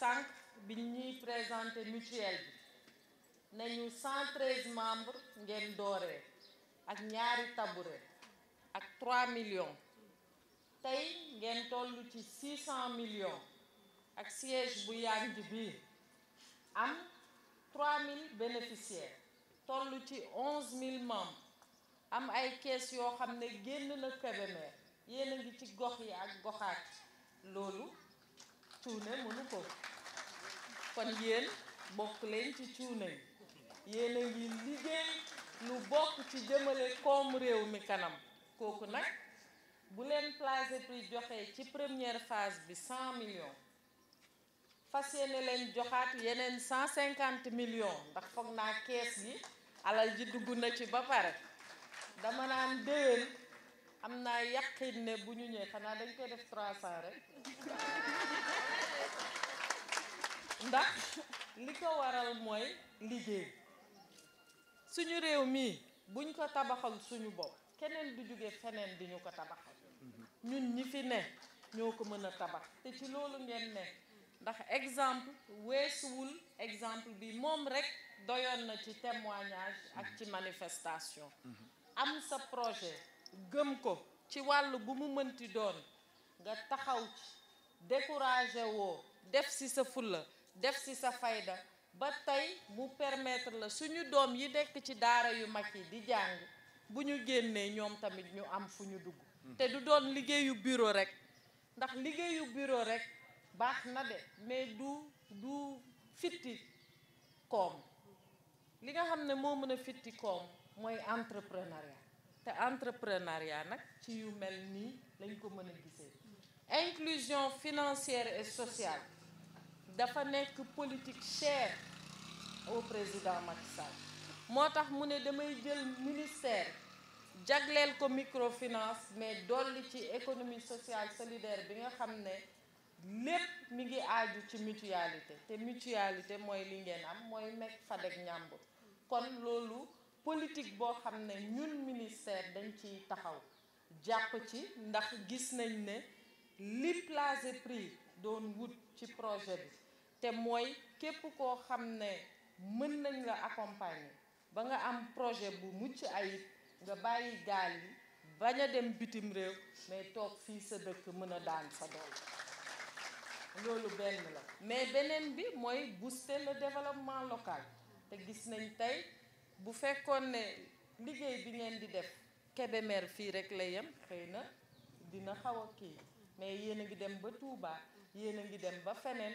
sànq bi ñuy présenté mutuelle bi nañu 113 membres ngeen dooree ak ñaari tabouret ak 3 millions tey ngeen toll ci 600 millions ak siège bu yànj bi am 3000 bénéficiaires tollu ci 11000 membres am ay caisse yoo xam ne génn na Kébémer yéen a ngi ci gox yi ak goxaat loolu cuune mënu ko kon yéen bokk leen ci cuune yéen a ngi liggéey lu bokk ci jëmale koom réew mi kanam kooku nag bu leen place prix joxee ci première phase bi 100 million fas yéene leen joxaat yeneen cent cinquante millions ndax foog naa kees yi alal ji dugg na ci ba pare dama naan déwén am naa yàqin ne bu ñu ñëwee xanaa dañ koy def 300 rek ndax li ko waral mooy liggéey suñu réew mii buñ ko tabaxal suñu bopp keneen du jóge feneen di ñu ko tabaxal ñun ñi fi ne ñoo ko mën a tabax te ci loolu ngeen ne ndax exemple weesuwul exemple bi moom rekk doyoon na ci témoignage ak ci manifestation am sa projet gëm ko ci wàll bu mu mënti doon nga taxaw ci découragé woo def si sa fulla def si sa fayda ba tey mu permettre la suñu doom yi nekk ci daara yu mag yi di jàng bu ñu génnee ñoom tamit ñu am fu ñu dugg hmm. te du doon liggéeyu bureau rek ndax liggéeyu bureau rek baax na de mais du du fitti koom li nga xam ne moo mën a fitti koom mooy entrepreneuriat te entrepreneuriat nag ci yu mel nii lañ ko mën a gisee inclusion financière et sociale dafa nekk politique chère au président Macky Sall moo tax mu ne damay jël ministère jagleel ko microfinance mais dolli ci économie sociale solidaire bi nga xam ne lépp mi ngi aaju ci mutualité te mutualité mooy li ngeen am mooy meg fadeg ñàmb kon loolu politique boo xam ne ñun ministère dañ ciy taxaw jàpp ci ndax gis nañ ne li placer prix doon wut ci projet bi te mooy képp koo xam ne mën nañ la accompagner ba nga am projet bu mucc ayib nga bàyyi gaal yi bañ a dem bitim réew mais toog fii sa dëkk mën a daan sa doole loolu benn la mais beneen bi mooy booster le développement local te gis nañ tey bu fekkoon ne liggéey bi ngeen di def Kébémer fii rek la yem xëy na dina xaw a kii mais yéen a ngi dem ba Touba yéen a ngi dem ba feneen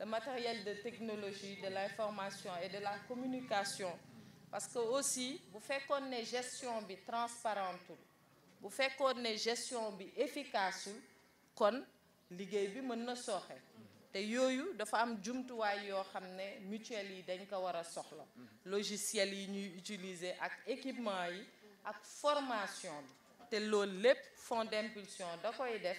le matériel de technologie, de l'information et de la communication. Parce que aussi, vous faites qu'on ait gestion transparente, vous faites qu'on ait gestion efficace, kon liggéey bi mën na sooxe yoyu yooyu dafa am jumtuwaay yoo xam ne mutuelle yi dañ ko wara logiciel yi ñuy utiliser ak équipement formation té lool lepp fonds d'impulsion da koy def